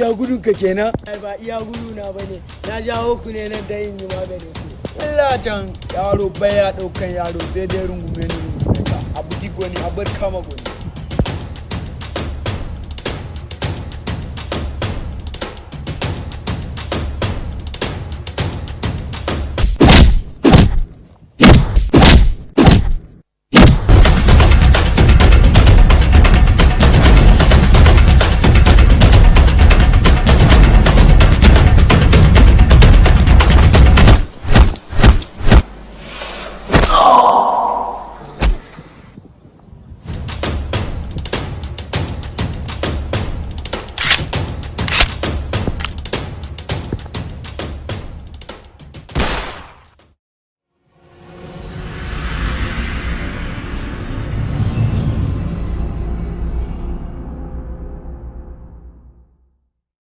iya gudun ka kenan ai ba iya gudu na bane na jawo ku ne na dan yin magani ku Allah can yaro baya daukan yaro sai dai rungume ne abu digoni abar kama